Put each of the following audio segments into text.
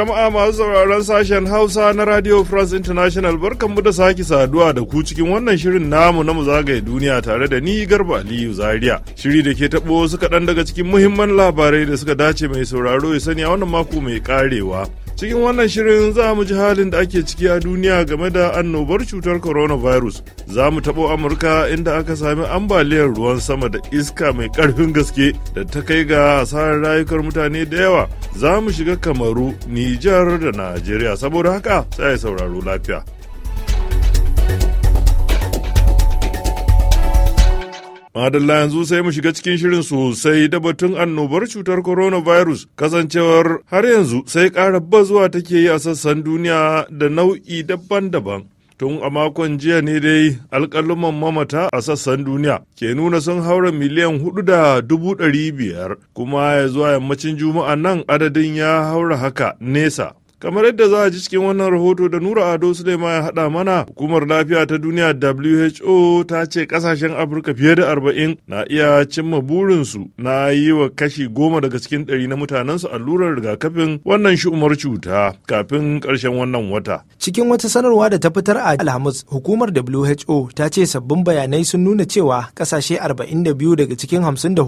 Jama'a masu sauraron sashen Hausa na Radio France International barkanmu da sake saduwa da ku cikin wannan shirin namu na zagaye duniya tare da ni Garba Aliyu Zaria. Shiri da ke taɓo wasu kaɗan daga cikin muhimman labarai da suka dace mai sauraro ya sani a wannan mako mai karewa. cikin wannan shirin za mu ji halin da ake ciki a duniya game da annobar cutar coronavirus za mu taɓo amurka inda aka sami ambaliyar ruwan sama da iska mai ƙarfin gaske da ta kai ga asarar rayukar mutane da yawa za mu shiga kamaru nijar da najeriya saboda haka sai sauraro lafiya Madalla yanzu sai mu shiga cikin shirin sosai da batun annobar cutar coronavirus kasancewar har yanzu sai ƙara bazuwa take yi a sassan duniya da nau'i daban-daban. Tun a makon jiya ne dai alƙaluman mamata a sassan duniya ke nuna sun haura miliyan hudu da dubu ɗari biyar kuma ya zuwa yammacin juma'a nan adadin ya haura haka nesa. kamar yadda za a ji cikin wannan rahoto da nura ado sulema ya haɗa mana hukumar lafiya ta duniya who ta ce kasashen afirka fiye da arba'in na iya cimma burinsu na yi wa kashi goma daga cikin ɗari na mutanensu allurar rigakafin wannan shi'umar cuta kafin ƙarshen wannan wata cikin wata sanarwa da ta fitar a alhamis hukumar who ta ce sabbin bayanai sun nuna cewa kasashe biyu daga cikin hamsin da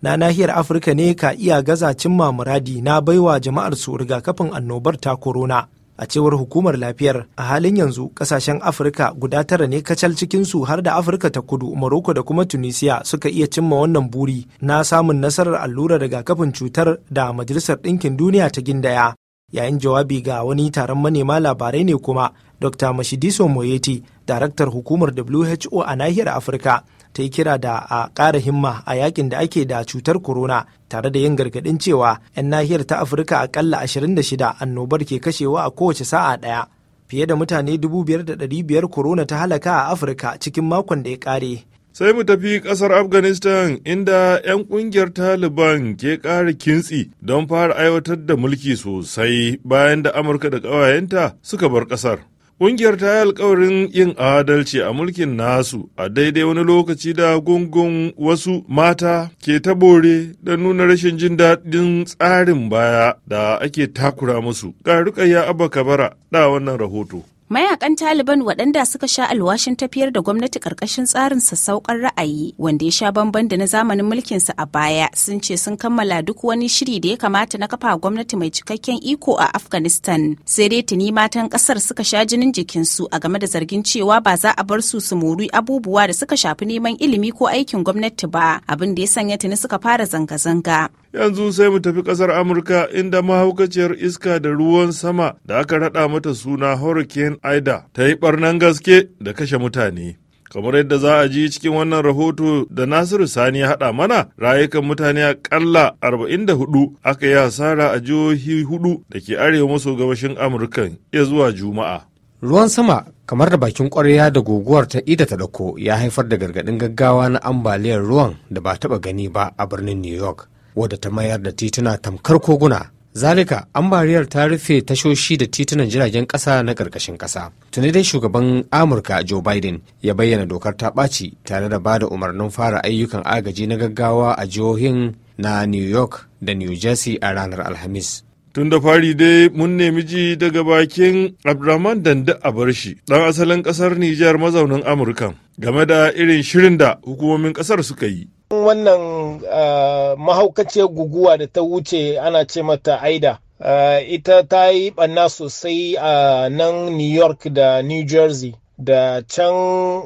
na nahiyar afirka ne ka iya gaza cimma muradi na baiwa jama'ar su rigakafin annobar ta ta corona. a cewar hukumar lafiyar a halin yanzu kasashen afirka guda tara ne kacal cikinsu har da afirka ta kudu morocco da kuma tunisia suka iya cimma wannan buri na samun nasarar allurar rigakafin cutar da majalisar ɗinkin duniya ta gindaya yayin jawabi ga wani taron manema labarai ne kuma dr mashidiso moyeti daraktar hukumar who a nahiyar afirka ta yi kira da a ƙara himma a yakin da ake da cutar corona tare da yin gargaɗin cewa 'yan nahiyar ta afirka aƙalla 26 annobar ke kashewa a kowace sa'a ɗaya fiye da mutane 5,500 corona ta halaka a afirka cikin makon da ya ƙare sai mu tafi ƙasar afghanistan inda 'yan ƙungiyar taliban ke ƙara kintsi don fara aiwatar da mulki sosai bayan da amurka da ƙawayenta suka bar ƙasar Ƙungiyar ta yi alkawarin yin adalci a mulkin nasu a daidai wani lokaci da gungun wasu mata ke tabore da nuna rashin jin daɗin tsarin baya da ake takura musu. Ga Rukayya Abba Kabara da wannan rahoto. mayakan taliban waɗanda suka sha alwashin tafiyar da gwamnati ƙarƙashin tsarin sassauƙar ra'ayi wanda ya sha bamban da na zamanin mulkinsa a baya sun ce sun kammala duk wani shiri da ya kamata na kafa gwamnati mai cikakken iko a afghanistan sai dai tuni matan ƙasar suka sha jinin jikinsu a game da zargin cewa ba za a bar su su mori abubuwa da suka shafi neman ilimi ko aikin gwamnati ba abin da ya sanya tuni suka fara zanga-zanga yanzu sai mu tafi kasar amurka inda mahaukaciyar iska da ruwan sama da aka rada mata suna hurricane aida ta yi barnan gaske da kashe mutane kamar yadda za a ji cikin wannan rahoto da nasiru sani ya haɗa mana rayukan mutane akalla 44 aka yi hasara a jihohi hudu da ke arewa maso gabashin amurka ya zuwa juma'a ruwan sama kamar da bakin kwarya da guguwar ta ida ta dako ya haifar da gargadin gaggawa na ambaliyar ruwan da ba taba gani ba a birnin new york wadda ta mayar da tituna tamkar koguna zalika ambariyar ta rufe tashoshi da titunan jiragen ƙasa na ƙarƙashin ƙasa. tuni dai shugaban amurka joe biden ya bayyana dokar ta ɓaci tare da ba da umarnin fara ayyukan agaji na gaggawa a jihohin na new york da new jersey a ranar alhamis tun da fari dai mun nemi ji daga bakin abdulrahman Dande a bar shi. dan asalin ƙasar nijar mazaunin amurka game da irin shirin da hukumomin ƙasar suka yi wannan uh, mahaukaciyar guguwa da ta wuce ana ce mata aida uh, ita ta yi ɓanna sosai a nan new york da new jersey da can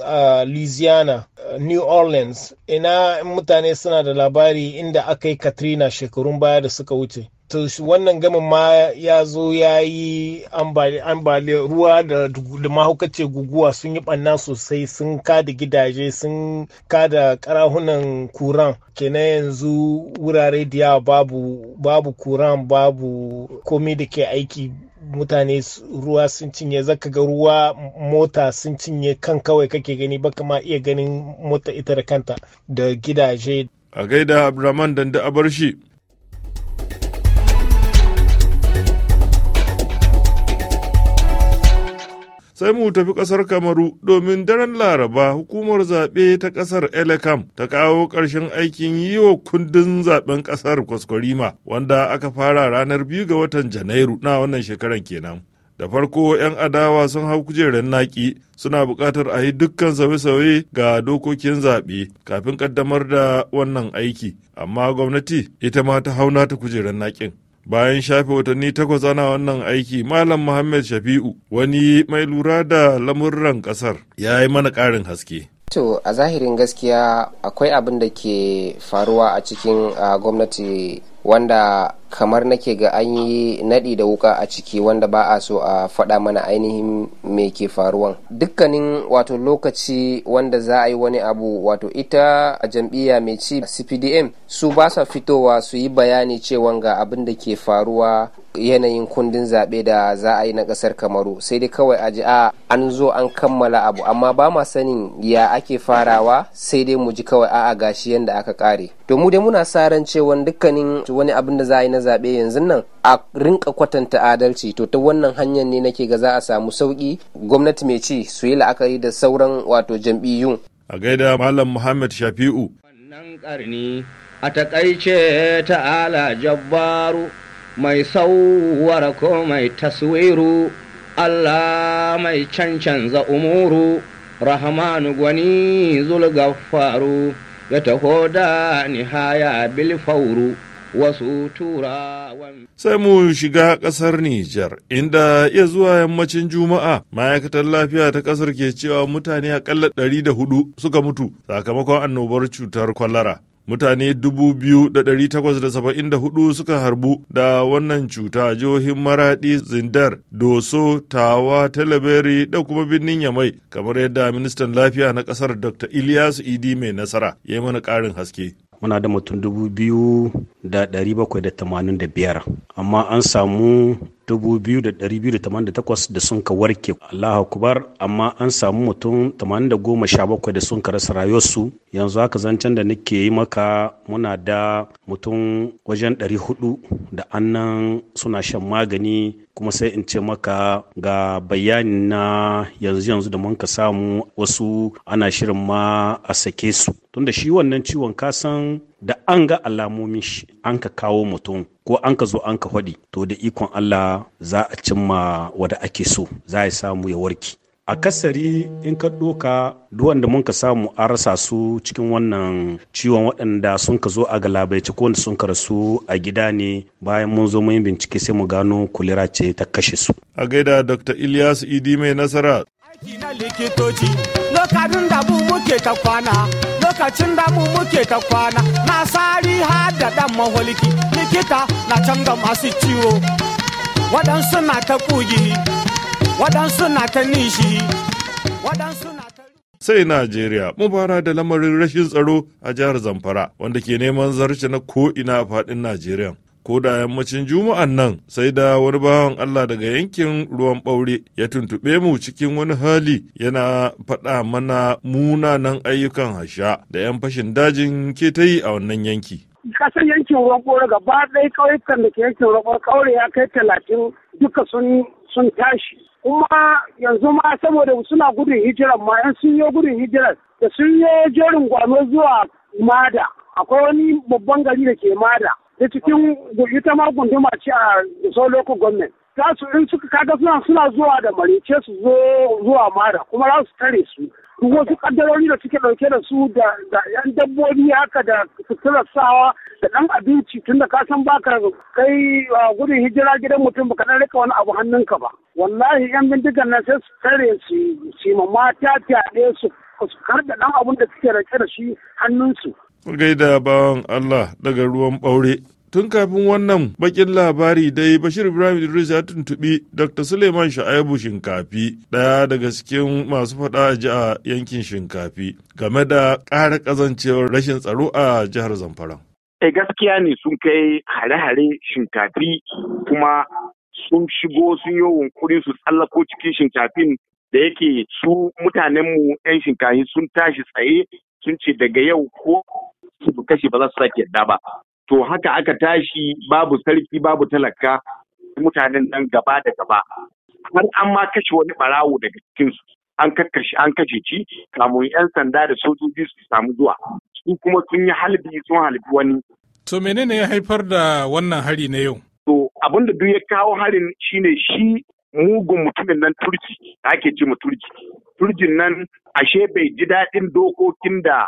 uh, louisiana new orleans ina mutane suna da labari inda aka yi katrina shekarun baya da suka wuce to wannan gamin ma ya zo ya yi ambaliyar ruwa da mahaukace guguwa sun yi ɓanna sosai sun kada gidaje sun kada karahunan kuran kenan yanzu wurare da babu babu kuran babu komai da ke aiki mutane ruwa sun cinye zaka ga ruwa mota sun cinye kan kawai kake gani baka ma iya ganin mota ita da kanta da gidaje a gaida a bar shi. sai mu tafi kasar kamaru domin daren laraba hukumar zaɓe ta kasar elekam ta kawo ƙarshen aikin yi wa kundin zaɓen kasar kwaskwarima wanda aka fara ranar biyu ga watan janairu na wannan shekaran kenan da farko 'yan adawa sun hau kujerar naki suna buƙatar a yi dukkan sauye-sauye ga dokokin zaɓe kafin ƙaddamar da wannan aiki amma gwamnati ita ma ta hauna ta kujerar naƙin bayan shafe watanni takwas ana wannan aiki malam muhammad shafi'u wani mai lura da lamurran kasar ya yi mana ƙarin haske to a zahirin gaskiya akwai abin da ke faruwa a cikin gwamnati wanda kamar nake ga an yi naɗi da wuka a ciki wanda ba a so a faɗa mana ainihin me ke faruwan dukkanin wato lokaci wanda za a yi wani abu wato ita a jam'iyya mai ci cpdm su ba sa fitowa su yi bayani cewa ga abin da ke faruwa yanayin kundin zaɓe da za a yi na ƙasar kamaru sai dai kawai a ji a an zo an kammala abu amma ba ma sanin ya ake farawa sai dai mu ji kawai a'a gashi yadda aka ƙare to mu dai muna sa ran cewa dukkanin wani abin da za a yi na zaɓe yanzu nan a rinka kwatanta adalci to ta wannan hanyar ne nake ga za a samu sauki gwamnati mai ci su yi la'akari da sauran wato jam'iyyun a gaida malam muhammad shafi'u wannan ƙarni a takaice ta'ala jabbaru mai sauwara ko mai taswiru Allah mai cancanza umuru rahmanu gwani zulgaffaru ya taho da nihaya bilfauru wasu turawan. Sai mu shiga kasar Nijar, inda ya zuwa yammacin Juma'a ma'aikatar lafiya ta kasar ke cewa mutane akalla ɗari suka mutu sakamakon annobar cutar kwalara. mutane 2,874 suka harbu da wannan cuta jihohin maradi zindar doso tawa talabari da kuma birnin yamai kamar yadda ministan lafiya na kasar dr ilyasu idi mai nasara ya yi mana karin haske muna da mutum dubu biyu biyar amma an samu 2288 da sun ka warke allah kubar amma an samu mutum 817 da sun ka rasa rayuwarsu yanzu haka zancen da nake yi maka muna da mutum wajen 400 da annan suna shan magani kuma sai in ce maka ga bayani na yanzu yanzu da mun ka samu wasu ana shirin ma a sake su tunda shi wannan ciwon kasan da an ga alamomin shi an ka kawo mutum ko an ka zo an ka hwaɗi to da ikon Allah za a cimma wada ake so za a samu ya warke a kasari in ka ɗoka duwan da ka samu a rasa su cikin wannan ciwon waɗanda sun ka zo a galabaici ko wanda sun ka rasu a gida ne bayan mun zo mun bincike sai mu gano kulera ce ta kashe su a gaida dr ilyas idi mai nasara aiki na likitoci lokacin da mu muke ta kwana lokacin da mu muke ta kwana na sari har da dan maholiki likita na can ga masu ciwo waɗansu na ta kugi waɗansu na ta nishi waɗansu na sai Najeriya mubara da lamarin rashin tsaro a jihar Zamfara wanda ke neman zarce na ko'ina a faɗin Najeriya. Ko da yammacin Juma'an nan sai da wani bawan Allah daga yankin ruwan ɓaure ya tuntuɓe mu cikin wani hali yana faɗa mana munanan ayyukan hasha da 'yan fashin dajin ke ta yi a wannan yanki. Kasan yankin ruwan ɓaure gaba ɗaya ƙauyukan da ke yankin ruwan ɓaure ya kai talatin duka sun sun tashi kuma yanzu ma saboda suna gudun hijiran ma yan sun yi gudun hijiran da sun yi jerin gwano zuwa mada akwai wani babban gari da ke mada da cikin ita ma gunduma ce a sau local government za su in suka kaga suna suna zuwa da marice su zo zuwa mada kuma za su tare su wasu kaddarori da suke ɗauke da su da yan dabbobi haka da suturar sawa da ɗan abinci tun da ka san baka kai gudun hijira gidan mutum ba kaɗan rika wani abu hannun ka ba wallahi yan bindigan na sai su tare su su ma mata fyaɗe su su da ɗan abun da suke rike da shi hannunsu gaida bawan Allah daga ruwan ɓaure Tun kafin wannan bakin labari dai Bashir Ibrahim Idris ya tuntubi Dr. Suleiman sha'abu Shinkafi, ɗaya daga cikin masu faɗa ji a yankin Shinkafi, game da ƙara ƙazancewar rashin tsaro a jihar Zamfara. Eh, gaskiya ne sun kai hare-hare shinkafi kuma sun shigo sun yi yunkurin su tsallako cikin shinkafin da yake su mutanenmu 'yan shinkafi sun tashi tsaye sun ce daga yau ko su kashe ba za su sake yadda ba to haka aka tashi babu sarki babu talaka mutanen nan gaba da gaba har an ma kashe wani barawo daga cikin su an kakkashi an kashe ci kamun yan sanda da sojoji su samu zuwa su kuma sun yi halbi sun halbi wani to menene ya haifar da wannan hari na yau to abin da duk ya kawo harin shine shi mugun mutumin nan turki ake ce mu turki turjin nan ashe bai ji daɗin dokokin da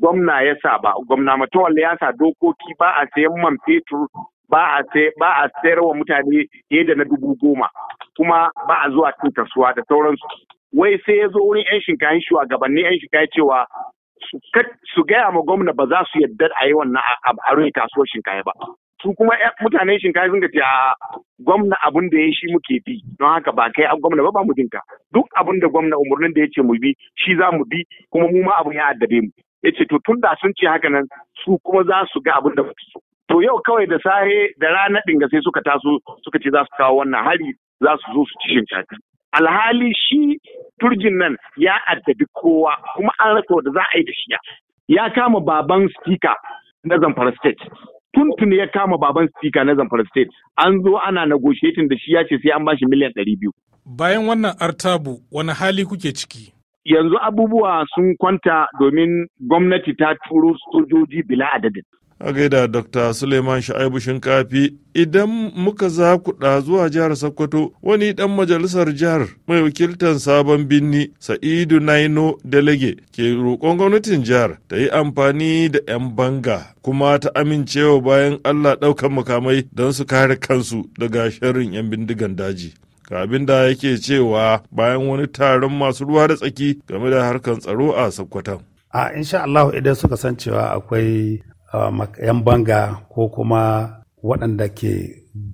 gwamna ya sa ba gwamna matawalla ya sa dokoki ba a sayan man fetur ba a sayar wa mutane fiye da na dubu goma kuma ba a zuwa cin kasuwa da sauransu wai sai ya zo wurin yan shinkayen shugabanni yan shinkayen cewa su gaya ma gwamna ba za su yarda a yi wannan a kasuwar shinkaya ba su kuma mutanen shinkafi sun a gwamna abin da ya shi muke bi don haka ba kai gwamna ba ba mu jinka duk abin da gwamna umarnin da ya ce mu bi shi za mu bi kuma mu ma abin ya addabe mu ya ce to tun da sun ce haka nan su kuma za su ga abin da muke so to yau kawai da sare, da rana dinga sai suka taso suka ce za su kawo wannan hari za su zo su ci shinkafa alhali shi turjin nan ya addabi kowa kuma an rasa da za a yi da shi ya kama baban speaker na zamfara state tuntun ya kama baban speaker na zamfara state an zo ana negotiating da shi ya ce sai an bashi miliyan ɗari biyu. bayan wannan artabu wani hali kuke ciki yanzu abubuwa sun kwanta domin gwamnati ta turo sojoji bila adadin a gaida dr suleiman sha'ibu shinkafi idan muka zakuɗa zuwa jihar sokoto wani ɗan majalisar jihar mai wakiltar sabon binni sa'idu naino delege ke roƙon gwamnatin jihar ta yi amfani da 'yan banga kuma ta amincewa bayan allah ɗaukan makamai don su kare kansu daga shirin 'yan bindigan daji ga abin da yake cewa bayan wani taron masu ruwa da tsaki game da harkar tsaro a sakkwatan. a insha Allah idan suka san cewa akwai 'yan banga ko kuma waɗanda ke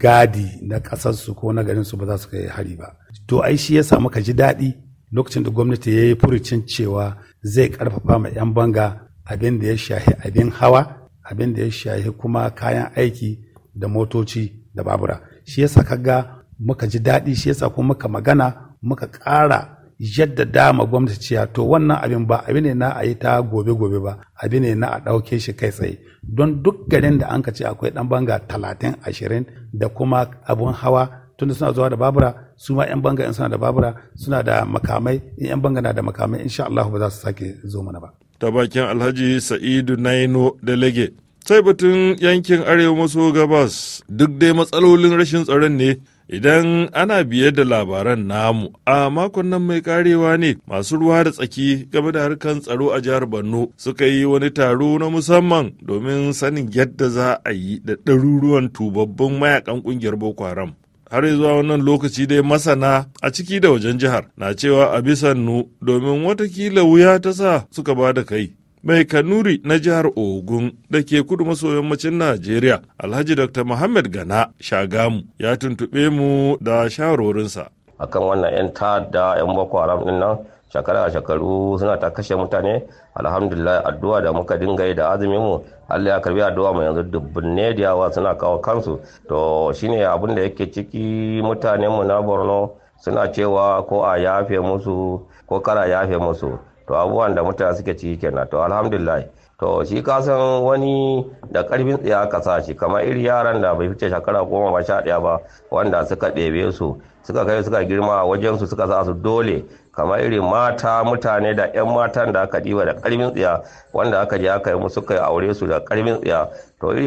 gadi na ƙasarsu ko na garinsu ba za su kai hari ba. To ai shi ya yasa muka ji daɗi lokacin da gwamnati ya yi furucin cewa zai ƙarfafa ma 'yan banga abin da ya shahi abin hawa, abin da ya shahi kuma kayan aiki da motoci da babura. Shi ya yasa ga muka ji daɗi shi yasa kuma muka magana muka ƙara yadda dama gwamnati cewa to wannan abin ba abin ne na a yi ta gobe-gobe ba abin ne na a ɗauke shi kai tsaye don duk garin da an ka ce akwai dan banga talatin ashirin da kuma abun hawa tunda suna zuwa da babura su ma 'yan banga in suna da babura suna da makamai in 'yan banga na da makamai insha Allah ba za su sake zo mana ba. ta bakin alhaji sa'idu naino da lege sai batun yankin arewa maso gabas duk dai matsalolin rashin tsaron ne Idan ana biye da labaran namu a makon nan mai karewa ne masu ruwa da tsaki game da harkar tsaro a jihar Borno suka yi wani taro na musamman domin sanin yadda za a yi da ɗaruruwan tubabbin mayakan ƙungiyar Boko Haram. har zuwa wannan lokaci dai masana a ciki da wajen jihar na cewa a bisan nu, domin watakila wuya ta sa suka ba da kai mai kanuri na jihar ogun da ke kudu maso yammacin najeriya alhaji dr muhammad gana shagamu ya tuntuɓe mu da shawarorinsa akan wannan 'yan ta'adda 'yan boko haram din nan shekara a shekaru suna ta kashe mutane alhamdulillah addu'a da muka dinga yi da azumin mu Allah ya karbi addu'a mu yanzu ne da yawa suna kawo kansu to shine abin da yake ciki mutanen mu na Borno suna cewa ko a yafe musu ko kara yafe musu to abubuwan da mutane suke ciki kenan to alhamdulillah to shi ka san wani da karfin tsaye aka sa kamar iri yaran da bai fice shekara goma ba sha ɗaya ba wanda suka ɗebe su suka kai suka girma a wajen su suka sa su dole kamar iri mata mutane da 'yan matan da aka ɗiba da karfin tsiya wanda aka je aka yi musu kai aure su da karfin tsiya to iri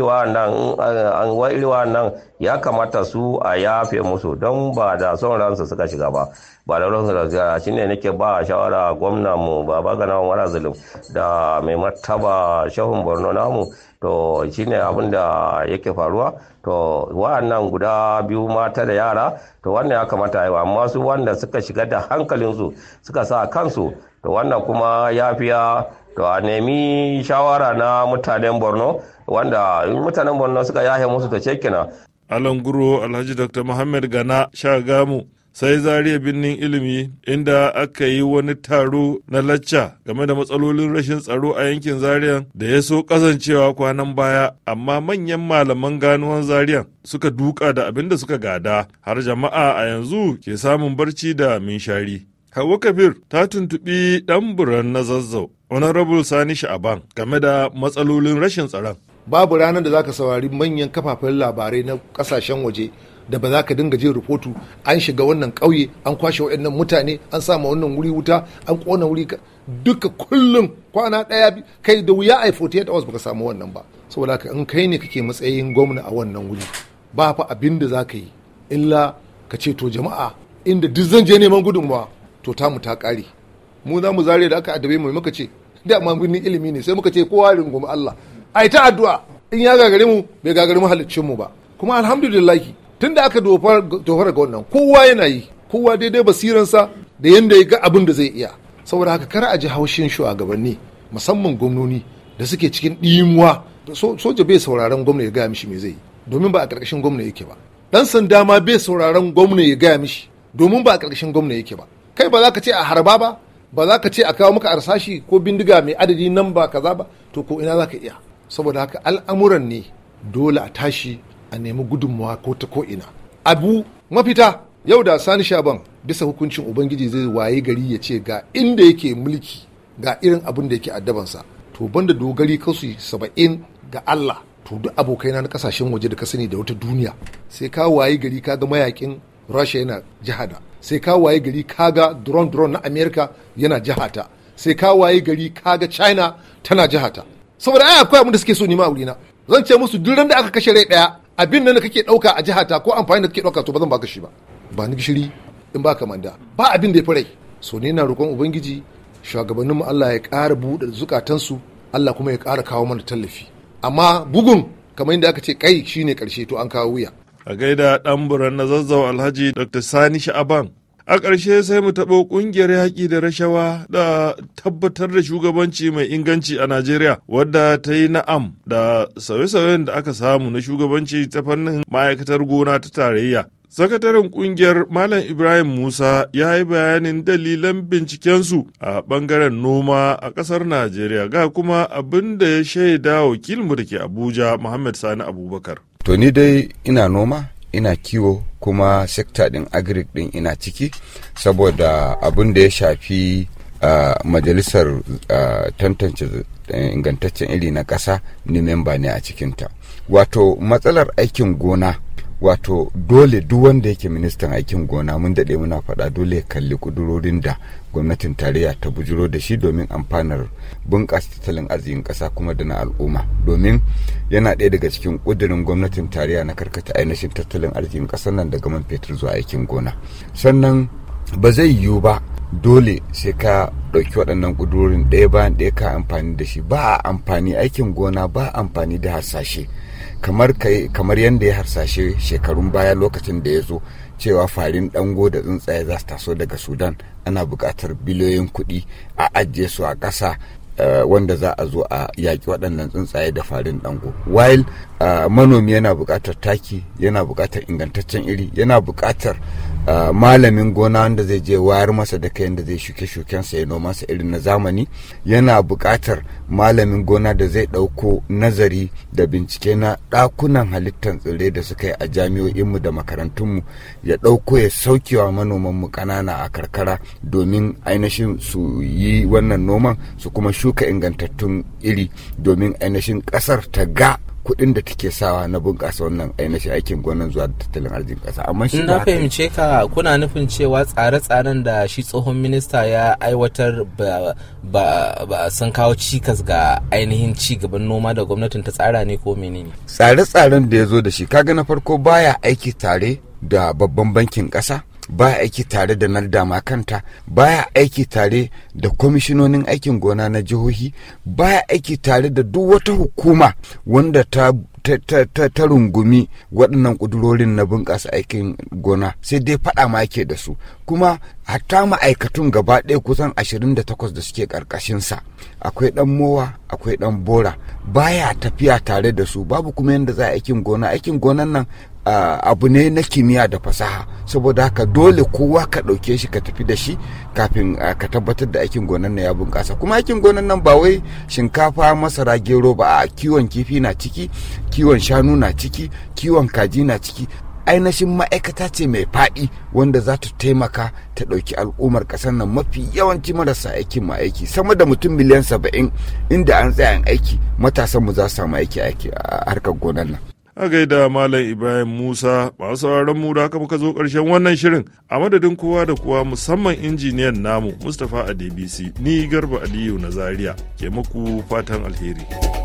nan ya kamata su a yafe musu don ba da son ransu suka shiga ba ba da ransu da shi ne nake ba shawara gwamna mu ba ba gana wani zulum da mai martaba shahun borno namu to shi ne abin da yake faruwa to wa'annan guda biyu mata da yara to wannan ya kamata yi amma su wanda suka shiga da hankalinsu suka sa kansu to wannan kuma yafiya to a nemi shawara na mutanen borno wanda mutanen borno suka yahe musu ta cekina alan guro alhaji dr muhammad gana shagamu sai zariya birnin ilimi inda aka yi wani taro na lacca game da matsalolin rashin tsaro a yankin zariyan da ya so kasancewa kwanan baya amma manyan malaman ganuwan zariyan suka duka da abin da suka gada har jama'a a yanzu ke samun barci da minshari hawa kabir ta tuntubi ɗan buran na zazzau honorable sani sha'aban game da matsalolin rashin tsaron babu ranar da zaka saurari manyan kafafen labarai na kasashen waje da ba za ka dinga jin rahoto an shiga wannan ƙauye an kwashe waɗannan mutane an sama wannan wuri wuta an ƙona wuri duka kullum kwana ɗaya kai da wuya a 48 hours baka samu wannan ba saboda ka in kai ne kake matsayin gwamna a wannan wuri ba fa abin da za ka yi illa ka ce to jama'a inda duk zan je neman gudunmawa to ta mu ta ƙare mu za mu zare da aka adabe mu muka ce da ma birnin ilimi ne sai muka ce kowa rungumi Allah ai ta addu'a in ya gagare mu bai gagare mu mu ba kuma alhamdulillah tunda aka dofar ga wannan kowa yana yi kowa daidai basiransa da yanda ya ga abin da zai iya saboda haka kar a ji haushin shugabanni musamman gwamnoni da suke cikin ɗimuwa soja bai sauraron gwamna ya gaya mishi me zai yi domin ba a ƙarƙashin gwamna yake ba ɗan sanda ma bai sauraron gwamna ya gaya mishi domin ba a ƙarƙashin gwamna yake ba kai ba za ka ce a harba ba ba za ka ce a kawo maka arsashi ko bindiga mai adadi nan ba kaza ba to ko ina za ka iya saboda haka al'amuran ne dole a tashi a nemi gudunmawa ko ta ko ina abu mafita yau da sani shaban bisa hukuncin ubangiji zai waye gari ya ce ga inda yake mulki ga irin abin da yake addabansa to banda dogari kasu saba'in ga allah to duk abokaina na kasashen waje da ka sani da wata duniya sai ka waye gari ka ga mayakin rasha yana jihada sai ka waye gari kaga drone drone na america yana jihata sai ka waye gari kaga china tana jihata saboda ai akwai abin da suke so nima a wurina zan ce musu duk da aka kashe rai daya abin nan da kake dauka a jihata ko amfani da kake dauka to ba zan baka shi ba ba ni gishiri in ba ka manda ba abin da ya fure sone so ne na roƙon ubangiji shugabanninmu Allah ya ƙara buɗe zukatansu Allah kuma ya ƙara kawo mana tallafi amma bugun kamar yadda aka ce kai shine karshe to an kawo wuya a gaida ɗan buran na zazzau alhaji dr sani sha'aban a ƙarshe sai mu taɓo ƙungiyar yaƙi da rashawa da tabbatar da shugabanci mai inganci a najeriya wadda ta yi na'am da sauye-sauyen da aka samu na shugabanci ta fannin ma'aikatar gona ta tarayya sakataren ƙungiyar malam ibrahim musa ya yi bayanin dalilan bincikensu a ɓangaren noma a ƙasar najeriya ga kuma abin da ya shaida wakilmu da ke abuja muhammad sani abubakar to ni dai ina noma ina kiwo kuma sekta din agric din ina ciki saboda abin da ya shafi a majalisar tantance eh, ingantaccen iri na ƙasa ni memba ne a cikinta wato matsalar aikin gona wato dole duk wanda yake ministan aikin gona mun daɗe muna faɗa dole ya kalli kudurorin da gwamnatin tarayya ta bujuro da shi domin amfanar bunƙasa tattalin arzikin ƙasa kuma da na al'umma domin yana ɗaya daga cikin ƙudurin gwamnatin tarayya na karkata ainihin tattalin arzikin ƙasar nan daga man fetur zuwa aikin gona sannan ba zai yiwu ba dole sai ka ɗauki waɗannan ƙudurorin ɗaya bayan ɗaya ka amfani da shi ba amfani aikin gona ba amfani da hasashe kamar kamar yadda ya harsashe shekarun baya lokacin da ya zo cewa farin dango da tsuntsaye za su taso daga sudan ana buƙatar biliyoyin kuɗi a ajiye su a ƙasa eh, wanda za a zo a yaƙi waɗannan tsuntsaye da farin dango while manomi yana buƙatar taki yana buƙatar ingantaccen iri yana buƙatar malamin gona wanda zai je wayar masa da kai da zai shuke shukensa ya nomansa irin na zamani yana buƙatar malamin gona da zai ɗauko nazari da bincike na ɗakunan halittar tsirrai da suka yi a jami'o'inmu da makarantunmu ya ɗauko ya saukewa manoman mu ƙanana a karkara domin ainihin su yi wannan noman su kuma shuka ingantattun iri domin ainihin ƙasar ta ga kuɗin da take sawa na bunƙasa wannan ainihin aikin gwanan zuwa tattalin arzikin ƙasa amma shi na fahimce ka kuna nufin cewa tsare-tsaren da shi tsohon minista ya aiwatar ba sun kawo cikas ga ainihin ci gaban noma da gwamnatin ta tsara ne ko menene tsare-tsaren da ya zo da shi kaga na farko baya aiki tare da babban bankin ƙasa ba aiki tare da nardama kanta ya aiki tare da kwamishinonin aikin gona na jihohi ba ya aiki tare da duk wata hukuma wanda ta ta, rungumi waɗannan ƙudurorin na bunƙasa aikin gona sai dai faɗa ma yake da su kuma hatta ma'aikatun gaba ɗaya kusan 28 da da suke ƙarƙashinsa akwai ɗan mowa akwai ɗan bora baya tafiya tare da su babu kuma yadda za a aikin gona aikin gonan nan Ah, abu ne na kimiyya da fasaha saboda haka dole kowa ka ɗauke shi ka tafi da shi kafin ah, ka tabbatar da aikin gonan nan ya bunƙasa kuma aikin gonan nan ba wai shinkafa masara gero ba a kiwon kifi na ciki kiwon shanu na ciki kiwon kaji na ciki ainihin ma'aikata ce mai faɗi wanda za ta taimaka ta ɗauki al'ummar ƙasar nan mafi yawanci marasa aikin ma aiki sama da mutum miliyan saba'in inda an tsaya aiki matasanmu za su samu aiki a harkar gonar nan a gaida Malam Ibrahim Musa masu sauraron mu da haka muka zo karshen wannan shirin a madadin kowa da kowa musamman injiniyan namu Mustapha a DBC ni Garba Aliyu na Zaria ke muku fatan alheri.